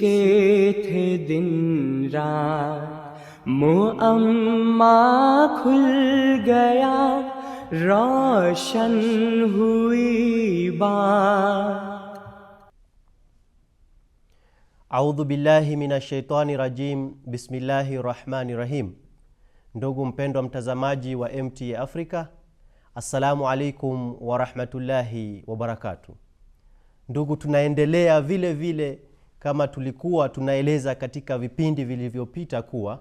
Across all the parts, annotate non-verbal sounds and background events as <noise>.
کے تھے دن थे दिन کھل گیا روشن ہوئی بات اعوذ باللہ من الشیطان الرجیم rajim bismillahi الرحمن rahim. Ndugu mpendwa mtazamaji wa MTA Afrika Assalamu alaikum warahmatullahi wabarakatu. Ndugu, tunaendelea vile vile kama tulikuwa tunaeleza katika vipindi vilivyopita kuwa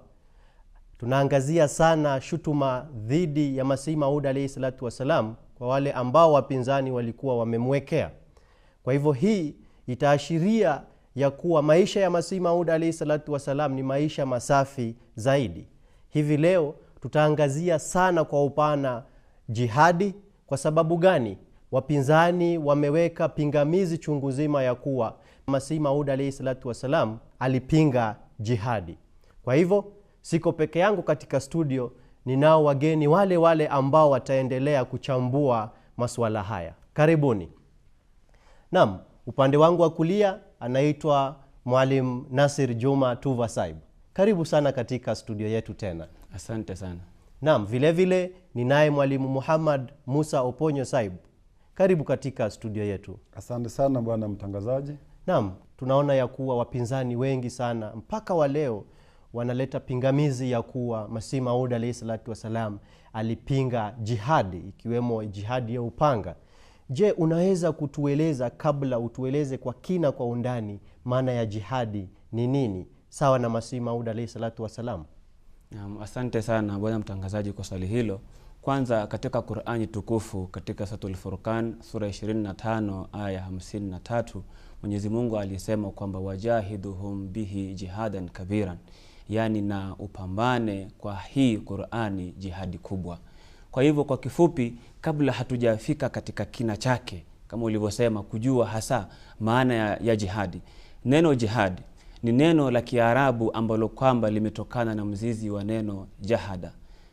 tunaangazia sana shutuma dhidi ya Masihi Maud alaihi salatu wassalam kwa wale ambao wapinzani walikuwa wamemwekea. Kwa hivyo hii itaashiria ya kuwa maisha ya Masihi Maud alaihi salatu wassalam ni maisha masafi zaidi. Hivi leo tutaangazia sana kwa upana Jihadi kwa sababu gani? Wapinzani wameweka pingamizi chungu zima ya kuwa Masihi Maud alaihi salatu wassalam alipinga jihadi. Kwa hivyo siko peke yangu katika studio, ninao wageni wale wale ambao wataendelea kuchambua masuala haya. Karibuni. nam upande wangu wa kulia anaitwa Mwalim Nasir Juma Tuva Saib. Karibu sana katika studio yetu tena. Asante sana naam vilevile ninaye mwalimu muhammad musa oponyo saib karibu katika studio yetu asante sana bwana mtangazaji naam tunaona ya kuwa wapinzani wengi sana mpaka wa leo wanaleta pingamizi ya kuwa masih maud alahi salatu wassalam alipinga jihadi ikiwemo jihadi ya upanga je unaweza kutueleza kabla utueleze kwa kina kwa undani maana ya jihadi ni nini sawa na masih maud alahi salatu wassalam Naam, asante sana bwana mtangazaji kwa swali hilo. Kwanza katika Qur'ani tukufu katika Suratul Furqan sura 25 aya 53 Mwenyezi Mungu alisema kwamba wajahiduhum bihi jihadan kabiran, yaani na upambane kwa hii Qur'ani jihadi kubwa. Kwa hivyo kwa kifupi, kabla hatujafika katika kina chake, kama ulivyosema, kujua hasa maana ya, ya jihadi, neno jihadi ni neno la Kiarabu ambalo kwamba limetokana na mzizi wa neno jahada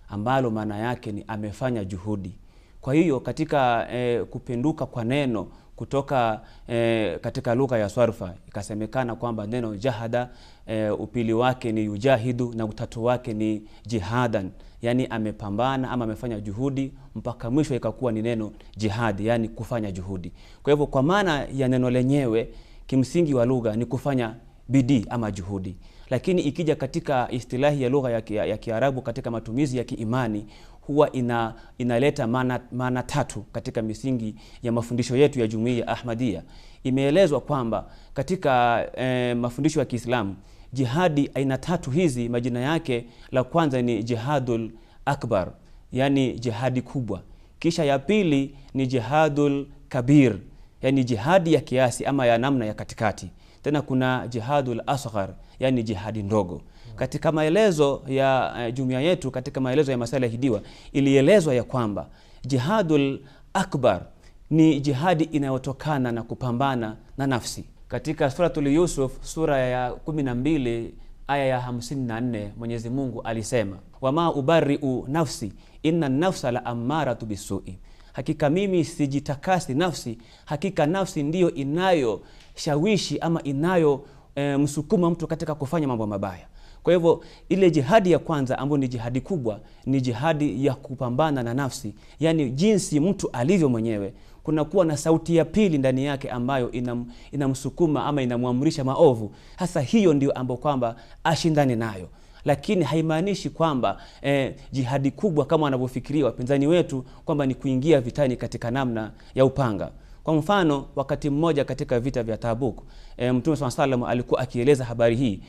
ambalo maana yake ni amefanya juhudi. Kwa hiyo katika e, kupinduka kwa neno kutoka e, katika lugha ya swarfa ikasemekana kwamba neno jahada e, upili wake ni yujahidu na utatu wake ni jihadan, yani amepambana ama amefanya juhudi mpaka mwisho ikakuwa ni neno jihadi, yani kufanya juhudi. Kwa hivyo kwa maana ya neno lenyewe kimsingi wa lugha ni kufanya bidii ama juhudi. Lakini ikija katika istilahi ya lugha ya Kiarabu katika matumizi ya kiimani huwa ina, inaleta maana, maana tatu katika misingi ya mafundisho yetu ya jumuiya ya ahmadia Imeelezwa kwamba katika e, mafundisho ya Kiislamu jihadi aina tatu hizi majina yake, la kwanza ni jihadul akbar, yani jihadi kubwa. Kisha ya pili ni jihadul kabir, yani jihadi ya kiasi ama ya namna ya katikati. Tena kuna jihadul asghar, yani jihadi ndogo. Katika maelezo ya eh, jumuiya yetu, katika maelezo ya masala hidiwa, ilielezwa ya kwamba jihadul akbar ni jihadi inayotokana na kupambana na nafsi. Katika suratul Yusuf sura ya 12 aya ya 54 Mwenyezi Mungu alisema, wama ubariu nafsi inna nafsa la ammaratu bisui hakika mimi sijitakasi nafsi, hakika nafsi ndiyo inayoshawishi ama inayo e, eh, msukuma mtu katika kufanya mambo mabaya. Kwa hivyo ile jihadi ya kwanza ambayo ni jihadi kubwa ni jihadi ya kupambana na nafsi, yaani jinsi mtu alivyo mwenyewe. Kuna kuwa na sauti ya pili ndani yake ambayo inam, inamsukuma ama inamwamrisha maovu. Hasa hiyo ndio ambayo kwamba ashindane nayo lakini haimaanishi kwamba eh, jihadi kubwa kama wanavyofikiria wapinzani wetu kwamba ni kuingia vitani katika namna ya upanga. Kwa mfano, wakati mmoja katika vita vya Tabuk, eh, Mtume swalla Allahu wasallam alikuwa akieleza habari hii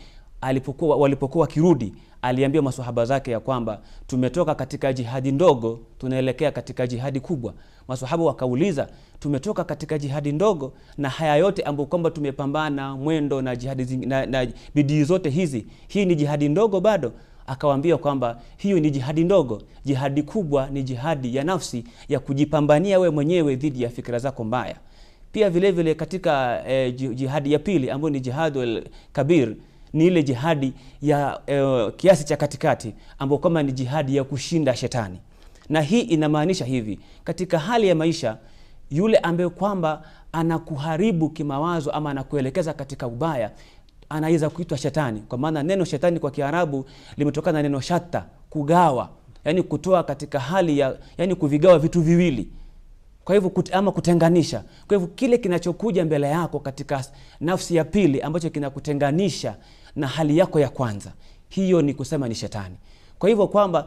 alipokuwa walipokuwa wakirudi aliambia maswahaba zake ya kwamba tumetoka katika jihadi ndogo tunaelekea katika jihadi kubwa. Maswahaba wakauliza, tumetoka katika jihadi ndogo na haya yote ambayo kwamba tumepambana mwendo na jihadi na, na bidii zote hizi, hii ni jihadi ndogo bado? Akawaambia kwamba hiyo ni jihadi ndogo. Jihadi kubwa ni jihadi ya nafsi, ya kujipambania we mwenyewe dhidi ya fikira zako mbaya. Pia vilevile vile katika eh, jihadi ya pili ambayo ni jihadul kabir ni ile jihadi ya e, kiasi cha katikati ambayo kama ni jihadi ya kushinda shetani na hii inamaanisha hivi katika hali ya maisha yule ambaye kwamba anakuharibu kimawazo ama anakuelekeza katika ubaya anaweza kuitwa shetani kwa maana neno shetani kwa kiarabu limetokana na neno shatta kugawa yani kutoa katika hali ya yani kuvigawa vitu viwili kwa hivyo kut, ama kutenganisha kwa hivyo kile kinachokuja mbele yako katika nafsi ya pili ambacho kinakutenganisha na hali yako ya kwanza. Hiyo ni kusema ni shetani. Kwa hivyo kwamba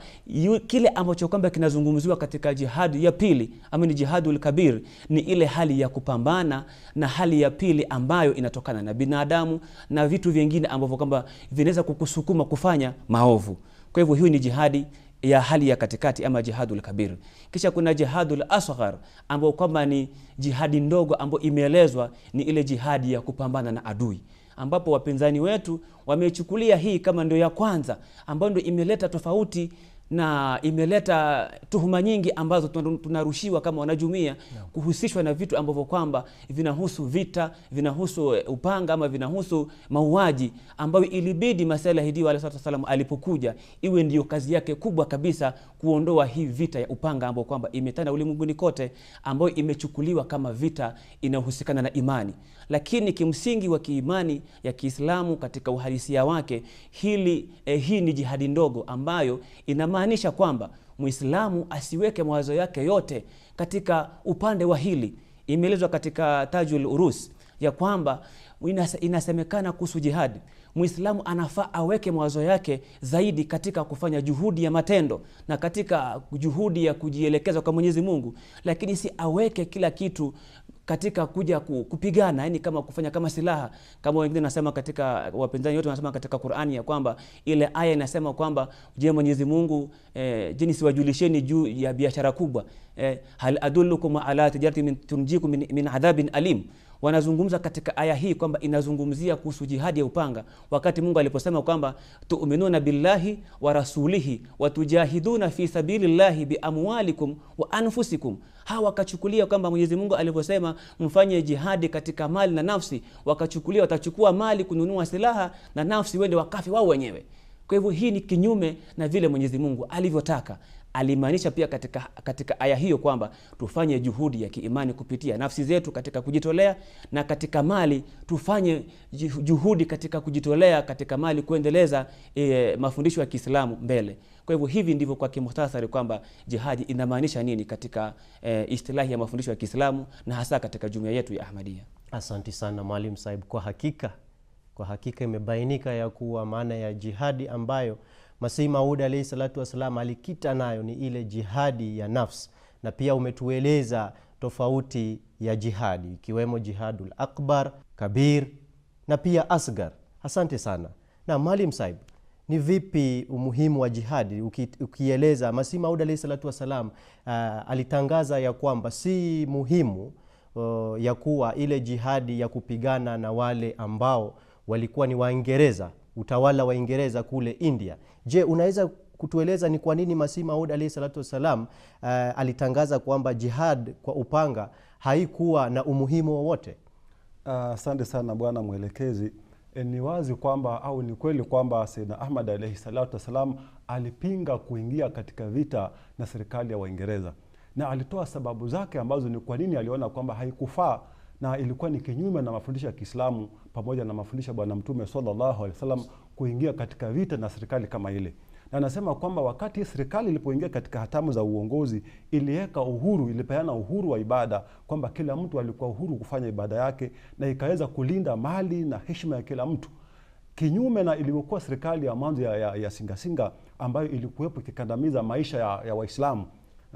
kile ambacho kwamba kinazungumziwa katika jihadi ya pili ama ni jihadul kabir ni ile hali ya kupambana na hali ya pili ambayo inatokana na binadamu na vitu vingine ambavyo kwamba vinaweza kukusukuma kufanya maovu. Kwa hivyo hiyo ni jihadi ya hali ya katikati ama jihadul kabir. Kisha kuna jihadul asghar ambayo kwamba ni jihadi ndogo ambayo imeelezwa ni ile jihadi ya kupambana na adui ambapo wapinzani wetu wamechukulia hii kama ndio ya kwanza ambayo ndio imeleta tofauti na imeleta tuhuma nyingi ambazo tunarushiwa kama wanajumuia no. kuhusishwa na vitu ambavyo kwamba vinahusu vita, vinahusu eh, upanga ama vinahusu mauaji ambayo ilibidi Masih Maud alayhi salamu alipokuja iwe ndiyo kazi yake kubwa kabisa kuondoa hii vita ya upanga ambayo kwamba imetanda ulimwenguni kote, ambayo imechukuliwa kama vita inayohusikana na imani, lakini kimsingi wa kiimani ya Kiislamu katika uhalisia wake hili eh, hii ni jihadi ndogo ambayo ina inamaanisha kwamba Muislamu asiweke mawazo yake yote katika upande wa hili. Imeelezwa katika Tajul Urus ya kwamba inasemekana kuhusu jihadi, Muislamu anafaa aweke mawazo yake zaidi katika kufanya juhudi ya matendo na katika juhudi ya kujielekeza kwa Mwenyezi Mungu, lakini si aweke kila kitu katika kuja kupigana, yani kama kufanya kama silaha, kama wengine nasema katika wapinzani wote wanasema katika Qur'ani ya kwamba ile aya inasema kwamba je, Mwenyezi Mungu eh, jini siwajulisheni juu ya biashara kubwa eh, hal adullukum ala tijarati min tunjiku min, min adhabin alim wanazungumza katika aya hii kwamba inazungumzia kuhusu jihadi ya upanga, wakati Mungu aliposema kwamba tuuminuna billahi wa rasulihi watujahiduna fi sabilillahi biamwalikum wa anfusikum. Hawa wakachukulia kwamba Mwenyezi Mungu alivyosema mfanye jihadi katika mali na nafsi, wakachukulia watachukua mali kununua silaha na nafsi wende wakafi wao wenyewe. Kwa hivyo hii ni kinyume na vile Mwenyezi Mungu alivyotaka alimaanisha pia katika, katika aya hiyo kwamba tufanye juhudi ya kiimani kupitia nafsi zetu katika kujitolea, na katika mali tufanye juhudi katika kujitolea katika mali kuendeleza e, mafundisho ya Kiislamu mbele. Kwa hivyo hivi ndivyo kwa kimuhtasari kwamba jihadi inamaanisha nini katika e, istilahi ya mafundisho ya Kiislamu na hasa katika jumuiya yetu ya Ahmadiyya. Asanti sana Mwalimu Saib, kwa hakika kwa hakika imebainika ya kuwa maana ya jihadi ambayo Masihi Maud alaihi salatu wassalam alikita nayo ni ile jihadi ya nafsi, na pia umetueleza tofauti ya jihadi ikiwemo jihadul akbar, kabir na pia asgar. Asante sana. Na Mwalim Saib, ni vipi umuhimu wa jihadi ukieleza Masihi Maud alaihi salatu wassalam uh, alitangaza ya kwamba si muhimu uh, ya kuwa ile jihadi ya kupigana na wale ambao walikuwa ni Waingereza utawala wa ingereza kule India. Je, unaweza kutueleza ni kwa nini Masih Maud alahi salatu wassalam uh, alitangaza kwamba jihad kwa upanga haikuwa na umuhimu wowote? Ah, asante uh, sana bwana mwelekezi. E, ni wazi kwamba au ni kweli kwamba seidna Ahmad alaihi salatu wassalam alipinga kuingia katika vita na serikali ya Waingereza na alitoa sababu zake ambazo ni kwa nini aliona kwamba haikufaa na ilikuwa ni kinyume na mafundisho ya Kiislamu pamoja na mafundisho ya Bwana Mtume sallallahu alaihi wasallam kuingia katika vita na serikali kama ile. Na anasema kwamba wakati serikali ilipoingia katika hatamu za uongozi, iliweka uhuru, ilipeana uhuru wa ibada, kwamba kila mtu alikuwa uhuru kufanya ibada yake, na ikaweza kulinda mali na heshima ya kila mtu, kinyume na ilivyokuwa serikali ya mwanzo ya, ya, ya Singasinga ambayo ilikuwepo ikikandamiza maisha ya, ya Waislamu.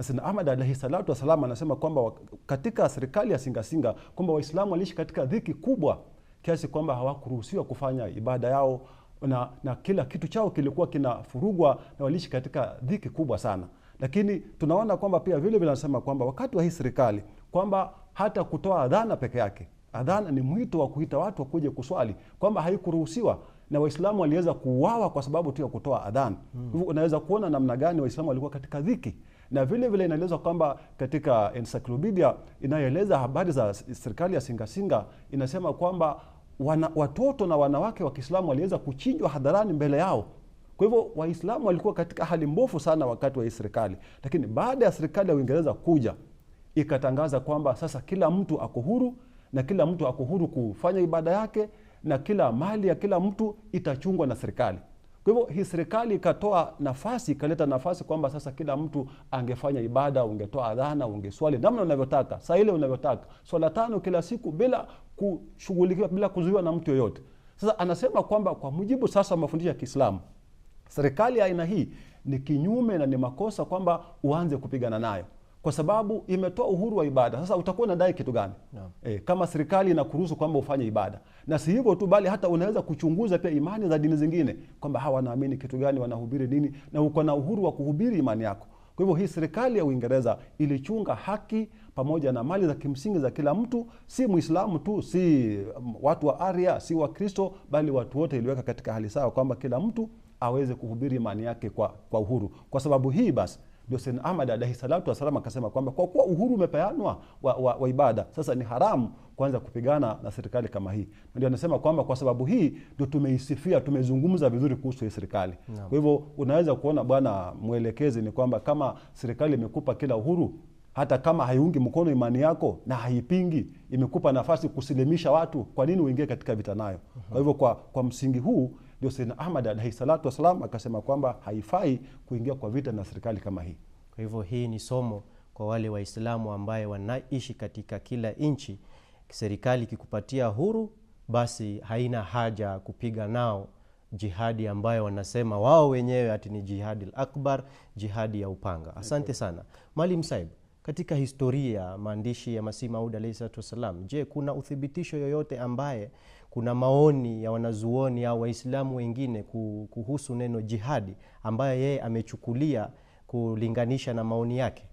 Sayyidna Ahmad alayhi salatu wassalam anasema kwamba katika serikali ya Singasinga kwamba Waislamu waliishi katika dhiki kubwa kiasi kwamba hawakuruhusiwa kufanya ibada yao na, na kila kitu chao kilikuwa kinafurugwa na waliishi katika dhiki kubwa sana. Lakini tunaona kwamba pia vile vile anasema kwamba wakati wa hii serikali kwamba hata kutoa adhana peke yake, adhana ni mwito wa kuita watu wakuje kuswali, kwamba haikuruhusiwa na Waislamu waliweza kuuawa kwa sababu tu ya kutoa adhana. Hivyo hmm, unaweza kuona namna gani Waislamu walikuwa katika dhiki na vile vile inaelezwa kwamba katika encyclopedia inayoeleza habari za serikali ya Singasinga inasema kwamba wana, watoto na wanawake wa Kiislamu waliweza kuchinjwa hadharani mbele yao. Kwa hivyo Waislamu walikuwa katika hali mbofu sana wakati wa hii serikali, lakini baada ya serikali ya Uingereza kuja ikatangaza kwamba sasa kila mtu ako huru na kila mtu ako huru kufanya ibada yake na kila mali ya kila mtu itachungwa na serikali. Kwa hivyo hii serikali ikatoa nafasi, ikaleta nafasi kwamba sasa kila mtu angefanya ibada, ungetoa adhana, ungeswali namna unavyotaka, saa ile unavyotaka, swala tano kila siku bila kushughulikiwa, bila kuzuiwa na mtu yoyote. Sasa anasema kwamba kwa mujibu sasa mafundisho ya Kiislamu, serikali ya aina hii ni kinyume na ni makosa kwamba uanze kupigana nayo kwa sababu imetoa uhuru wa ibada. Sasa utakuwa unadai kitu gani? yeah. E, kama serikali inakuruhusu kwamba ufanye ibada, na si hivyo tu, bali hata unaweza kuchunguza pia imani za dini zingine kwamba hawa wanaamini kitu gani, wanahubiri nini, na uko na uhuru wa kuhubiri imani yako. Kwa hivyo hii serikali ya Uingereza ilichunga haki pamoja na mali za kimsingi za kila mtu, si Muislamu tu, si um, watu wa Arya, si Wakristo, bali watu wote. Iliweka katika hali sawa kwamba kila mtu aweze kuhubiri imani yake kwa, kwa uhuru. Kwa sababu hii basi ndio Ahmad alayhi salatu wasallam akasema kwamba kwa kuwa uhuru umepeanwa wa, wa, wa ibada, sasa ni haramu kuanza kupigana na serikali kama hii. Ndio anasema kwamba kwa sababu hii ndio tumeisifia, tumezungumza vizuri kuhusu hii serikali. Kwa hivyo unaweza kuona bwana mwelekezi, ni kwamba kama serikali imekupa kila uhuru hata kama haiungi mkono imani yako na haipingi, imekupa nafasi kusilimisha watu, kwa nini uingie katika vita nayo? Kwa mhm. hivyo kwa, kwa msingi huu ndio Sayyidna Ahmad alayhi salatu wasalam akasema kwamba haifai kuingia kwa vita na serikali kama hii. Kwa hivyo hii ni somo kwa wale Waislamu ambaye wanaishi katika kila nchi. Serikali ikikupatia huru, basi haina haja kupiga nao jihadi ambayo wanasema wao wenyewe ati ni jihadi akbar, jihadi ya upanga. Asante sana Maalim Saib. Katika historia maandishi ya Masihi Maud alayhi salatu wassalam, je, kuna uthibitisho yoyote ambaye kuna maoni ya wanazuoni au Waislamu wengine kuhusu neno jihadi ambayo yeye amechukulia kulinganisha na maoni yake?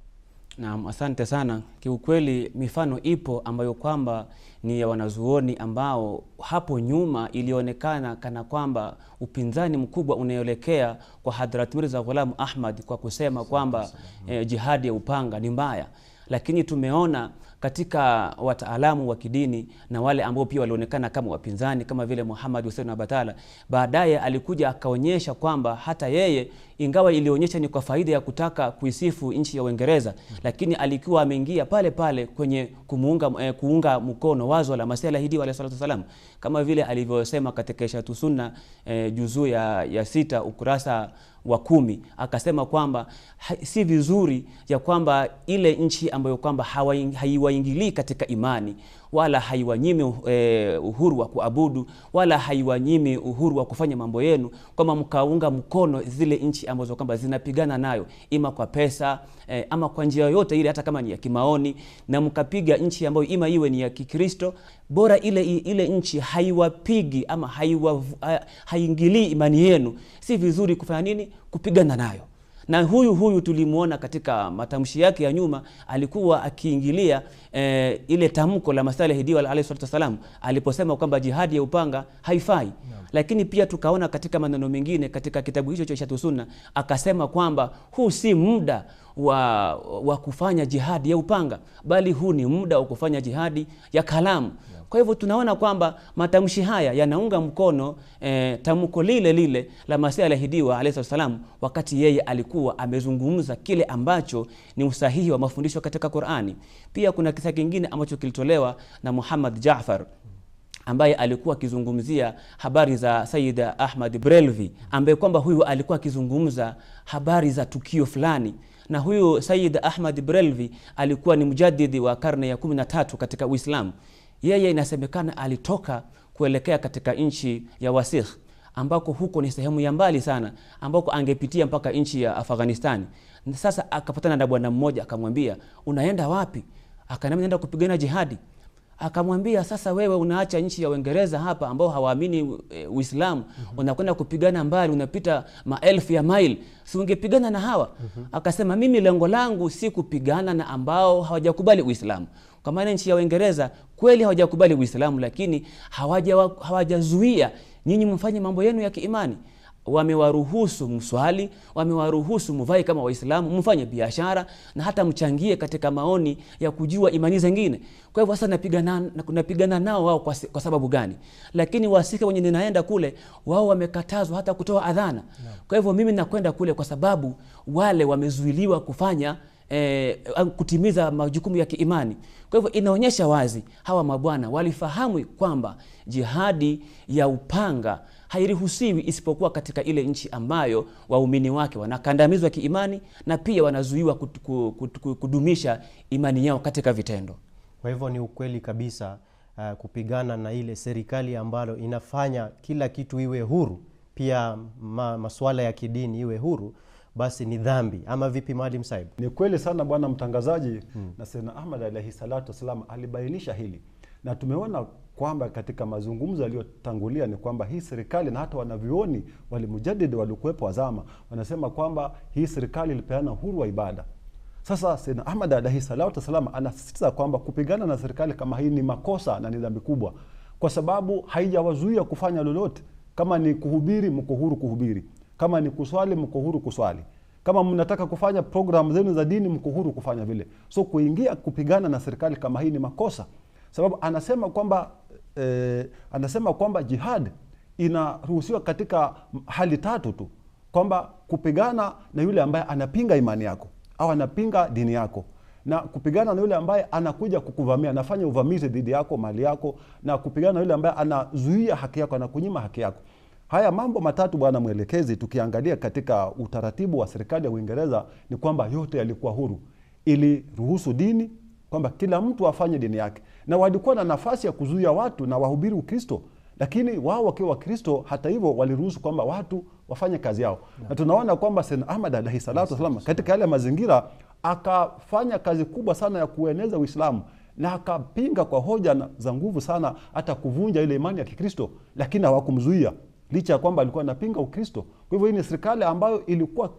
Naam, asante sana. Kiukweli mifano ipo ambayo kwamba ni ya wanazuoni ambao hapo nyuma ilionekana kana kwamba upinzani mkubwa unaelekea kwa hadrat Mirza Ghulam Ahmad kwa kusema kwamba eh, jihadi ya upanga ni mbaya, lakini tumeona katika wataalamu wa kidini na wale ambao pia walionekana kama wapinzani kama vile Muhammad Hussein Abatala, baadaye alikuja akaonyesha kwamba hata yeye ingawa ilionyesha ni kwa faida ya kutaka kuisifu nchi ya Uingereza, lakini alikuwa ameingia pale pale kwenye kumuunga, eh, kuunga mkono wazo la Masih Maud alayhi salatu wasalam kama vile alivyosema katika Ishatu Sunna eh, juzuu ya, ya sita ukurasa wa kumi akasema kwamba ha, si vizuri ya kwamba ile nchi ambayo kwamba haiwaingilii katika imani wala haiwanyimi e, eh, uhuru wa kuabudu wala haiwanyimi uhuru wa kufanya mambo yenu, kwamba mkaunga mkono zile nchi ambazo kwamba zinapigana nayo, ima kwa pesa e, ama kwa njia yoyote ile, hata kama ni ya kimaoni, na mkapiga nchi ambayo ima iwe ni ya Kikristo, bora ile ile nchi haiwapigi ama haiingilii imani yenu, si vizuri kufanya nini kupigana nayo na huyu huyu tulimwona katika matamshi yake ya nyuma alikuwa akiingilia e, ile tamko la Masalehi Diwali alayhi salatu wasalam aliposema kwamba jihadi ya upanga haifai no. Lakini pia tukaona katika maneno mengine katika kitabu hicho cha shatu Sunna akasema kwamba huu si muda wa, wa kufanya jihadi ya upanga, bali huu ni muda wa kufanya jihadi ya kalamu. Kwa hivyo tunaona kwamba matamshi haya yanaunga mkono e, tamko lile lile la Masihi aliahidiwa alayhi salam, wakati yeye alikuwa amezungumza kile ambacho ni usahihi wa mafundisho katika Qur'ani. Pia kuna kisa kingine ambacho kilitolewa na Muhammad Jaafar ambaye alikuwa akizungumzia habari za Sayyid Ahmad Brelvi ambaye kwamba huyu alikuwa akizungumza habari za tukio fulani na huyu Sayyid Ahmad Brelvi alikuwa ni mjadidi wa karne ya 13 katika Uislamu. Yeye inasemekana alitoka kuelekea katika nchi ya Wasikh ambako huko ni sehemu ya mbali sana ambako angepitia mpaka nchi ya Afghanistani. Sasa akapatana na bwana mmoja akamwambia, unaenda wapi? Akaniambia naenda kupigana jihadi akamwambia sasa, wewe unaacha nchi ya Uingereza hapa ambao hawaamini eh, Uislamu mm -hmm. unakwenda kupigana mbali, unapita maelfu ya mail si ungepigana na hawa mm -hmm. Akasema mimi lengo langu si kupigana na ambao hawajakubali Uislamu kwa maana nchi ya Uingereza kweli hawajakubali Uislamu, lakini hawajazuia hawaja nyinyi mfanye mambo yenu ya kiimani wamewaruhusu mswali, wamewaruhusu mvae kama Waislamu, mfanye biashara na hata mchangie katika maoni ya kujua imani zingine. Kwa hivyo sasa napigana, napigana nao wao kwa, kwa sababu gani? Lakini wasika wenye ninaenda kule wao wamekatazwa hata kutoa adhana. Kwa hivyo mimi nakwenda kule kwa sababu wale wamezuiliwa kufanya eh, kutimiza majukumu ya kiimani. Kwa hivyo inaonyesha wazi hawa mabwana walifahamu kwamba jihadi ya upanga hairuhusiwi isipokuwa katika ile nchi ambayo waumini wake wanakandamizwa kiimani na pia wanazuiwa kudumisha imani yao katika vitendo. Kwa hivyo ni ukweli kabisa uh, kupigana na ile serikali ambalo inafanya kila kitu iwe huru, pia ma, masuala ya kidini iwe huru basi ni dhambi ama vipi, Maalim Saib? Ni kweli sana bwana mtangazaji, hmm. na Sena Ahmad alaihi salatu wassalam alibainisha hili na tumeona kwamba katika mazungumzo yaliyotangulia ni kwamba hii serikali na hata wanavyoni walimujadidi walikuwepo wazama, wanasema kwamba hii serikali ilipeana uhuru wa ibada. Sasa sena Ahmad alaihi salatu wassalam anasisitiza kwamba kupigana na serikali kama hii ni makosa na ni dhambi kubwa, kwa sababu haijawazuia kufanya lolote. Kama ni kuhubiri, mko huru kuhubiri. Kama ni kuswali, mko huru kuswali kama mnataka kufanya programu zenu za dini mko huru kufanya vile. So kuingia kupigana na serikali kama hii ni makosa, sababu anasema kwamba eh, anasema kwamba jihad inaruhusiwa katika hali tatu tu, kwamba kupigana na yule ambaye anapinga imani yako au anapinga dini yako na kupigana na yule ambaye anakuja kukuvamia, anafanya uvamizi dhidi yako, mali yako, na kupigana na yule ambaye anazuia haki yako, anakunyima haki yako. Haya mambo matatu, bwana mwelekezi, tukiangalia katika utaratibu wa serikali ya Uingereza ni kwamba yote yalikuwa huru, iliruhusu dini, kwamba kila mtu afanye dini yake na walikuwa na nafasi ya kuzuia watu na wahubiri Ukristo, lakini wao wakiwa Wakristo, hata hivyo waliruhusu kwamba watu wafanye kazi yao na, na tunaona kwamba sen Ahmad alaihi salatu wasalam katika yale mazingira akafanya kazi kubwa sana ya kueneza Uislamu na akapinga kwa hoja za nguvu sana hata kuvunja ile imani ya Kikristo, lakini hawakumzuia licha ya kwamba alikuwa anapinga Ukristo. Kwa hivyo hii ni serikali ambayo ilikuwa,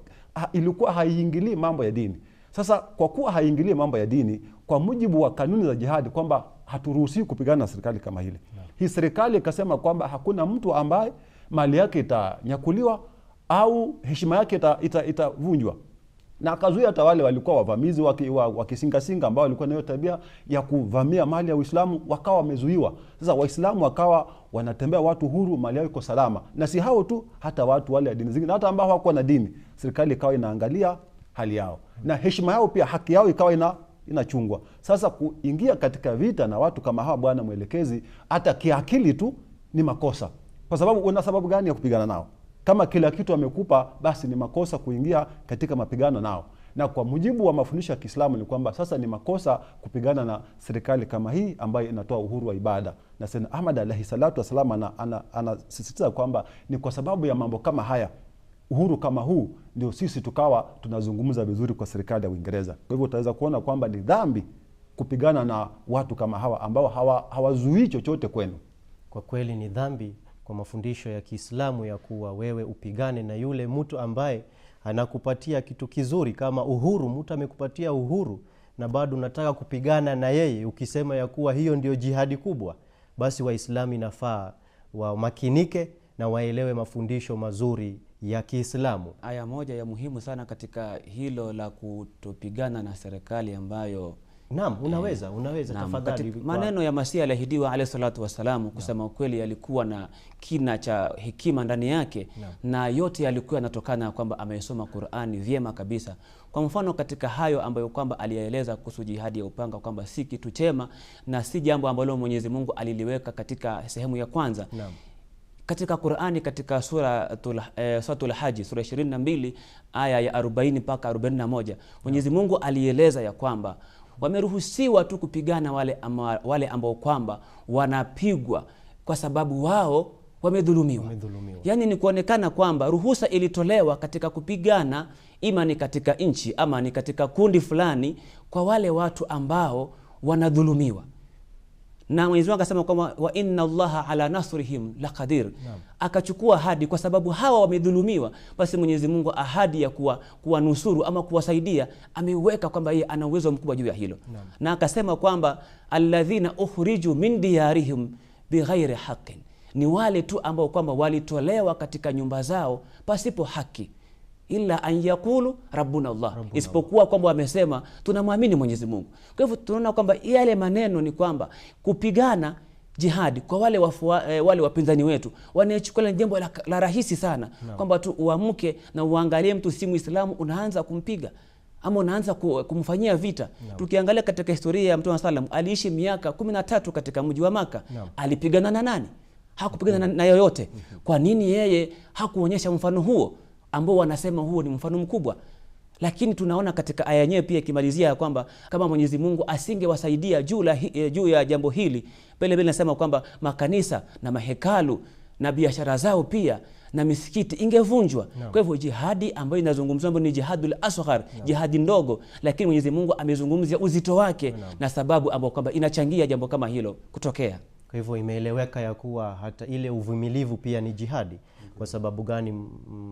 ilikuwa haiingilii mambo ya dini. Sasa kwa kuwa haiingilii mambo ya dini, kwa mujibu wa kanuni za jihadi kwamba haturuhusiwi kupigana na serikali kama hili yeah. Hii serikali ikasema kwamba hakuna mtu ambaye mali yake itanyakuliwa au heshima yake itavunjwa ita, ita na akazuia hata wale walikuwa wavamizi wakisingasinga ambao walikuwa nayo tabia ya kuvamia mali ya Uislamu wakawa wamezuiwa. Sasa Waislamu wakawa wanatembea watu huru, mali yao iko salama, na si hao tu, hata watu wale dini zingine, hata ambao hawakuwa na dini, serikali ikawa inaangalia hali yao hmm. na heshima yao, pia haki yao ikawa ina inachungwa. Sasa kuingia katika vita na watu kama hawa, bwana mwelekezi, hata kiakili tu ni makosa, kwa sababu una sababu gani ya kupigana nao? Kama kila kitu amekupa, basi ni makosa kuingia katika mapigano nao na kwa mujibu wa mafundisho ya Kiislamu ni kwamba sasa ni makosa kupigana na serikali kama hii ambayo inatoa uhuru wa ibada, na Sayyidna Ahmad alaihi salatu wassalam anasisitiza ana, ana, kwamba ni kwa sababu ya mambo kama haya uhuru kama huu ndio sisi tukawa tunazungumza vizuri kwa serikali ya Uingereza. Kwa hivyo utaweza kuona kwamba ni dhambi kupigana na watu kama hawa ambao hawazuii hawa chochote kwenu. Kwa kweli ni dhambi kwa mafundisho ya Kiislamu ya kuwa wewe upigane na yule mtu ambaye anakupatia kitu kizuri kama uhuru. Mtu amekupatia uhuru na bado unataka kupigana na yeye, ukisema ya kuwa hiyo ndio jihadi kubwa, basi Waislamu inafaa wamakinike na waelewe mafundisho mazuri ya Kiislamu. Aya moja ya muhimu sana katika hilo la kutopigana na serikali ambayo Naam, eh, unaweza unaweza tafadhali. Maneno ya Masihi aliahidiwa alayhi salatu wassalamu, kusema ukweli, yalikuwa na kina cha hekima ndani yake na, na yote yalikuwa yanatokana kwamba amesoma Qur'ani vyema kabisa. Kwa mfano katika hayo ambayo kwamba aliyaeleza kuhusu jihadi ya upanga kwamba si kitu chema na si jambo ambalo Mwenyezi Mungu aliliweka katika sehemu ya kwanza naam katika Qur'ani katika suratul eh, suratul Haji sura 22 aya ya 40 mpaka 41, Mwenyezi Mungu alieleza ya kwamba wameruhusiwa tu kupigana wale, ama, wale ambao kwamba wanapigwa kwa sababu wao wamedhulumiwa. Wamedhulumiwa. Yaani ni kuonekana kwamba ruhusa ilitolewa katika kupigana, ima ni katika nchi ama ni katika kundi fulani, kwa wale watu ambao wanadhulumiwa na Mwenyezi Mungu akasema kwamba wa inna Allaha ala nasrihim laqadir. Naam. Akachukua ahadi kwa sababu hawa wamedhulumiwa, basi Mwenyezi Mungu ahadi ya kuwa kuwanusuru ama kuwasaidia ameweka kwamba yeye ana uwezo mkubwa juu ya hilo. Naam. Na akasema kwamba alladhina ukhriju min diyarihim bighairi haqqin, ni wale tu ambao kwamba walitolewa katika nyumba zao pasipo haki illa an yaqulu rabbuna Allah, isipokuwa kwamba wamesema tunamwamini Mwenyezi Mungu. Kwa hivyo tunaona kwamba yale maneno ni kwamba kupigana jihadi kwa wale wafua, eh, wale wapinzani wetu wanaechukula ni jambo la, la rahisi sana no. kwamba tu uamke na uangalie mtu si Muislamu unaanza kumpiga ama unaanza kumfanyia vita no. Tukiangalia katika historia ya Mtume salam aliishi miaka kumi na tatu katika mji wa Maka no. Alipigana na nani? Hakupigana na, na yoyote. Mhm. Kwa nini yeye hakuonyesha mfano huo? ambao wanasema huo ni mfano mkubwa lakini tunaona katika aya yenyewe pia ikimalizia ya kwamba kama Mwenyezi Mungu asingewasaidia juu, e, juu ya jambo hili. Vile vile nasema kwamba makanisa na mahekalu na biashara zao pia na misikiti ingevunjwa no. Kwa hivyo jihadi ambayo inazungumzwa ni jihadul asghar no. Jihadi ndogo, lakini Mwenyezi Mungu amezungumzia uzito wake no. Na sababu ambayo kwamba inachangia jambo kama hilo kutokea. Kwa hivyo imeeleweka ya kuwa hata ile uvumilivu pia ni jihadi. Kwa sababu gani?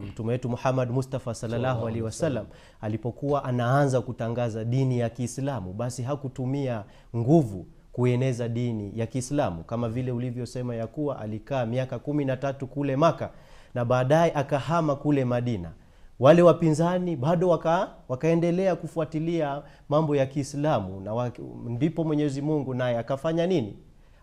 Mtume wetu Muhammad Mustafa sallallahu alaihi wasallam alipokuwa anaanza kutangaza dini ya Kiislamu, basi hakutumia nguvu kueneza dini ya Kiislamu kama vile ulivyosema ya kuwa alikaa miaka kumi na tatu kule Maka na baadaye akahama kule Madina. Wale wapinzani bado waka, wakaendelea kufuatilia mambo ya Kiislamu na ndipo Mwenyezi Mungu naye akafanya nini?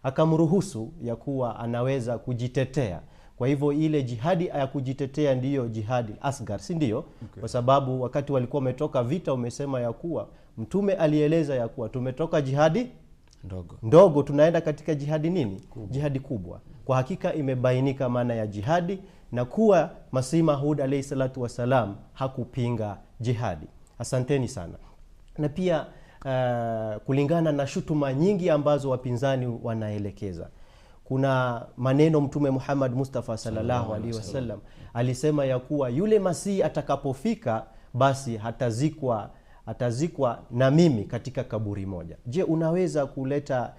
akamruhusu ya kuwa anaweza kujitetea. Kwa hivyo ile jihadi ya kujitetea ndiyo jihadi asgar, si ndio? Okay. Kwa sababu wakati walikuwa wametoka vita, umesema ya kuwa mtume alieleza ya kuwa tumetoka jihadi ndogo, ndogo tunaenda katika jihadi nini? Kubwa. Jihadi kubwa. Kwa hakika imebainika maana ya jihadi na kuwa Masihi Maud alayhi salatu wassalam hakupinga jihadi. Asanteni sana na pia uh, kulingana na shutuma nyingi ambazo wapinzani wanaelekeza. Kuna maneno Mtume Muhammad Mustafa sallallahu alaihi wasallam alisema ya kuwa yule Masihi atakapofika basi hatazikwa, hatazikwa na mimi katika kaburi moja. Je, unaweza kuleta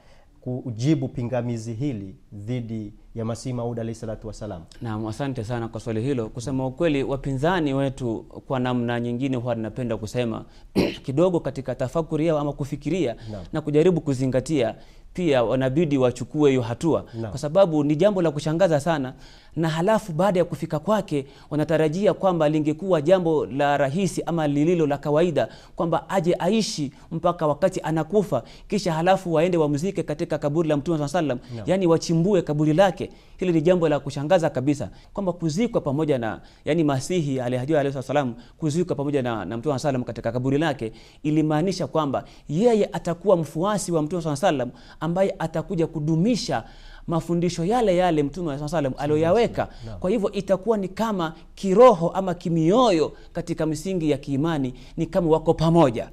kujibu pingamizi hili dhidi ya Masihi Maud alayhi salatu wassalam? Naam, asante sana kwa swali hilo. Kusema ukweli, wapinzani wetu kwa namna nyingine huwa linapenda kusema <clears throat> kidogo katika tafakuri yao ama kufikiria na, na kujaribu kuzingatia, pia wanabidi wachukue hiyo hatua na, kwa sababu ni jambo la kushangaza sana na halafu baada ya kufika kwake wanatarajia kwamba lingekuwa jambo la rahisi ama lililo la kawaida kwamba aje aishi mpaka wakati anakufa kisha halafu waende wamzike katika kaburi la mtume salam yeah. yani wachimbue kaburi lake hili ni jambo la kushangaza kabisa kwamba kuzikwa pamoja na yani masihi alihajia alahi kuzikwa pamoja na, na mtume salam katika kaburi lake ilimaanisha kwamba yeye atakuwa mfuasi wa mtume salam ambaye atakuja kudumisha mafundisho yale yale Mtume wa salam aliyoyaweka. Kwa hivyo itakuwa ni kama kiroho ama kimioyo katika misingi ya kiimani, ni kama wako pamoja.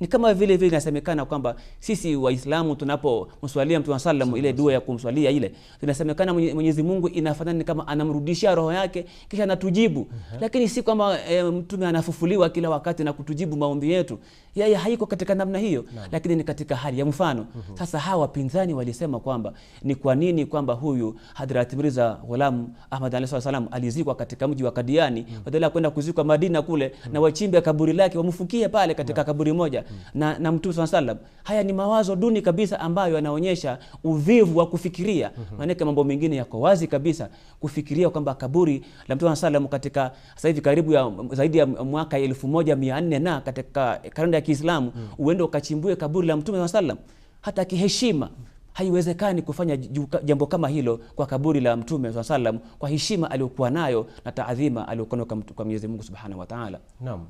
Ni kama vile vile inasemekana kwamba sisi Waislamu tunapomswalia Mtume wa salam, ile dua ya kumswalia ile, tunasemekana Mwenyezi Mungu inafanana ni kama anamrudishia roho yake kisha anatujibu, lakini si kwamba e, Mtume anafufuliwa kila wakati na kutujibu maombi yetu yeye haiko katika namna hiyo na. Lakini ni katika hali ya mfano mm -hmm. Sasa hawa wapinzani walisema kwamba ni kwa nini kwamba huyu Hadrat Mirza Ghulam Ahmad alayhi salam alizikwa katika mji wa Kadiani mm -hmm. badala ya kwenda kuzikwa Madina kule mm -hmm. na wachimbe kaburi lake wamfukie pale katika na. kaburi moja mm -hmm. na, na Mtume salam Haya ni mawazo duni kabisa ambayo yanaonyesha uvivu wa kufikiria mm -hmm. Maanake mambo mengine yako wazi kabisa kufikiria kwamba kaburi la Mtume salam katika sasa hivi karibu ya zaidi ya mwaka elfu moja mia nne na katika eh, kalenda Kiislamu mm. uende ukachimbue kaburi la Mtume wa sallam hata kiheshima haiwezekani kufanya jambo kama hilo kwa kaburi la Mtume wa sallam kwa heshima aliyokuwa nayo na taadhima aliyokuwa nayo kwa Mwenyezi Mungu Subhanahu wa Ta'ala. Naam,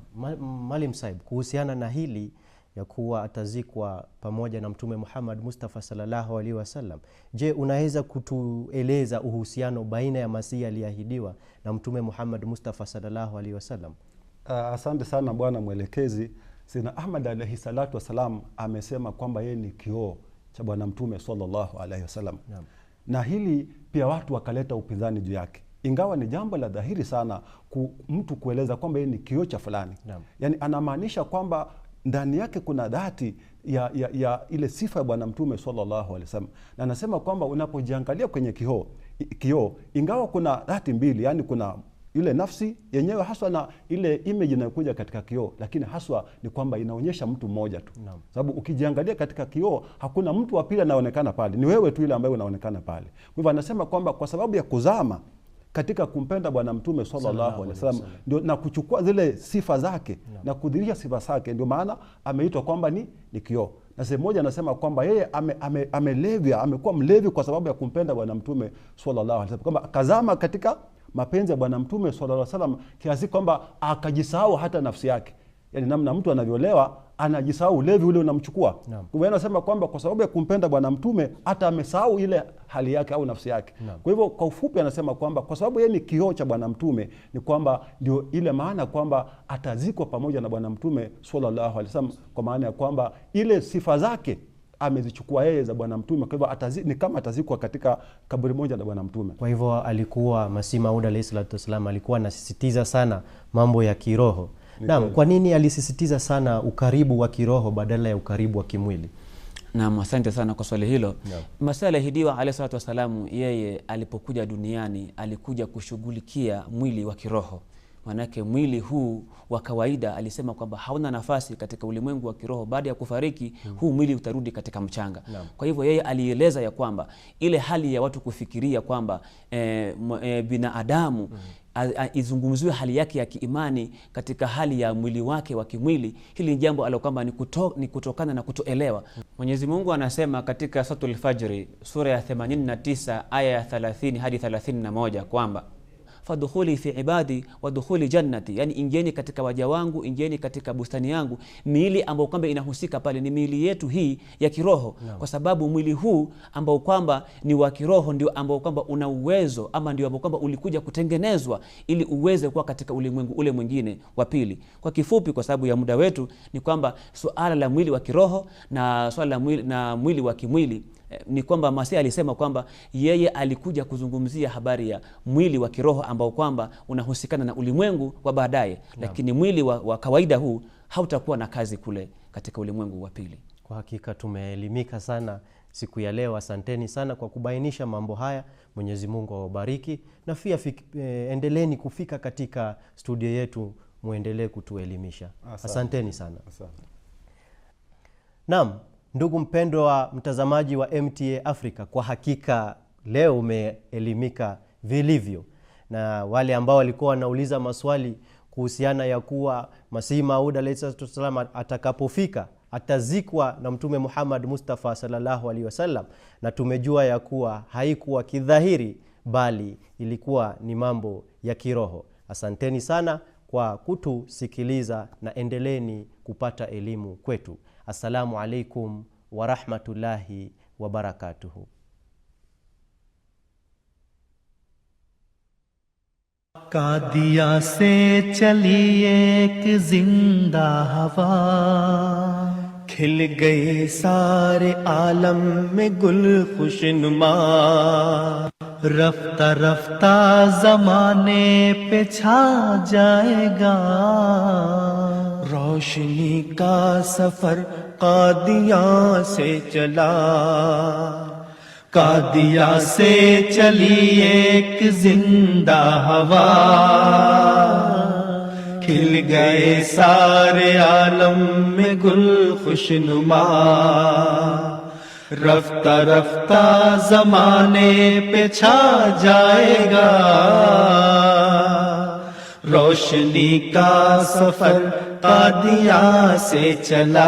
Maalim Saib, kuhusiana na hili ya kuwa atazikwa pamoja na Mtume Muhammad Mustafa sallallahu alaihi wasallam. Je, unaweza kutueleza uhusiano baina ya Masihi aliyeahidiwa na Mtume Muhammad Mustafa sallallahu alaihi wasallam? Ah, asante sana bwana mwelekezi sina Ahmad alaihi salatu wassalam amesema kwamba yeye ni kioo cha Bwana Mtume sallallahu alaihi wasallam yeah. Na hili pia watu wakaleta upinzani juu yake, ingawa ni jambo la dhahiri sana ku, mtu kueleza kwamba yeye ni kioo cha fulani yeah. Yani anamaanisha kwamba ndani yake kuna dhati ya, ya, ya ile sifa ya Bwana Mtume sallallahu alaihi wasallam, na anasema kwamba unapojiangalia kwenye kioo kioo, ingawa kuna dhati mbili, yani kuna yule nafsi yenyewe haswa na ile image inayokuja katika kioo, lakini haswa ni kwamba inaonyesha mtu mmoja tu, sababu ukijiangalia katika kioo hakuna mtu wa pili anaonekana pale, ni wewe tu ile ambaye unaonekana pale. Kwa hivyo anasema kwamba kwa sababu ya kuzama katika kumpenda Bwana Mtume sallallahu alaihi wasallam ndio na kuchukua zile sifa zake na, na kudhihirisha sifa zake, ndio maana ameitwa kwamba ni, ni kioo. Na sehemu moja anasema kwamba yeye amelevya ame, amekuwa mlevi kwa sababu ya kumpenda Bwana Mtume sallallahu alaihi wasallam, kwamba kazama katika mapenzi ya Bwana Mtume sallallahu kiasi kwamba akajisahau hata nafsi yake, yaani namna mtu anavyolewa anajisahau ulevi ule unamchukua. anasema kwamba kwa sababu ya kumpenda Bwana Mtume hata amesahau ile hali yake au nafsi yake. Kwa hivyo kwa ufupi, anasema kwamba kwa sababu yeye ni kioo cha Bwana Mtume, ni kwamba ndio ile maana kwamba atazikwa pamoja na Bwana Mtume sallallahu kwa maana ya kwamba ile sifa zake amezichukua yeye za Bwana Mtume. Kwa hivyo atazi, ni kama atazikwa katika kaburi moja na Bwana Mtume. Kwa hivyo alikuwa Masihi Maud alayhi salatu wassalam alikuwa anasisitiza sana mambo ya kiroho. nam kwa nini alisisitiza sana ukaribu wa kiroho badala ya ukaribu wa kimwili? nam asante sana kwa swali hilo yeah. Masih aliyeahidiwa alayhi salatu wassalamu, yeye alipokuja duniani alikuja kushughulikia mwili wa kiroho Manake mwili huu wa kawaida alisema kwamba hauna nafasi katika ulimwengu wa kiroho. Baada ya kufariki hmm. huu mwili utarudi katika mchanga no. Kwa hivyo yeye alieleza ya kwamba ile hali ya watu kufikiria kwamba e, e, binadamu hmm izungumziwe hali yake ya kiimani katika hali ya mwili wake wa kimwili. Hili ni jambo alo kwamba ni, kuto, ni kutokana na kutoelewa. Hmm. Mwenyezi Mungu anasema katika Suratul Fajri sura ya 89 aya ya 30 hadi 31 kwamba fadkhuli fi ibadi wadkhuli jannati, yani ingieni katika waja wangu, ingieni katika bustani yangu. Miili ambayo kwamba inahusika pale ni miili yetu hii ya kiroho no. kwa sababu mwili huu ambao kwamba ni wa kiroho ndio ambao kwamba una uwezo ama ndio ambao kwamba ulikuja kutengenezwa ili uweze kuwa katika ulimwengu ule mwingine wa pili. Kwa kifupi, kwa sababu ya muda wetu, ni kwamba suala la mwili wa kiroho na swala la mwili, na mwili wa kimwili Eh, ni kwamba Masihi alisema kwamba yeye alikuja kuzungumzia habari ya mwili wa kiroho ambao kwamba unahusikana na ulimwengu wa baadaye, lakini mwili wa, wa kawaida huu hautakuwa na kazi kule katika ulimwengu wa pili. Kwa hakika tumeelimika sana siku ya leo. Asanteni sana kwa kubainisha mambo haya. Mwenyezi Mungu awabariki, na pia eh, endeleeni kufika katika studio yetu, muendelee kutuelimisha. Asanteni sana. Asante. Naam. Ndugu wa mtazamaji wa MTA Africa, kwa hakika leo umeelimika vilivyo, na wale ambao walikuwa wanauliza maswali kuhusiana ya kuwa Masihi Maud alayhi atakapofika atazikwa na Mtume Muhammad Mustafa sallallahu alaihi wasallam, na tumejua ya kuwa haikuwa kidhahiri, bali ilikuwa ni mambo ya kiroho. Asanteni sana kwa kutusikiliza na endeleni kupata elimu kwetu. السلام علیکم و رحمۃ اللہ وبرکاتہ سے کھل گئے سارے عالم میں گل خوش نما رفتہ رفتہ زمانے پہ چھا جائے گا روشنی کا سفر قادیاں سے چلا قادیا سے چلی ایک زندہ ہوا کھل گئے سارے عالم میں گل خوشنما رفتہ رفتہ زمانے پہ چھا جائے گا روشنی کا سفر قادیاں سے چلا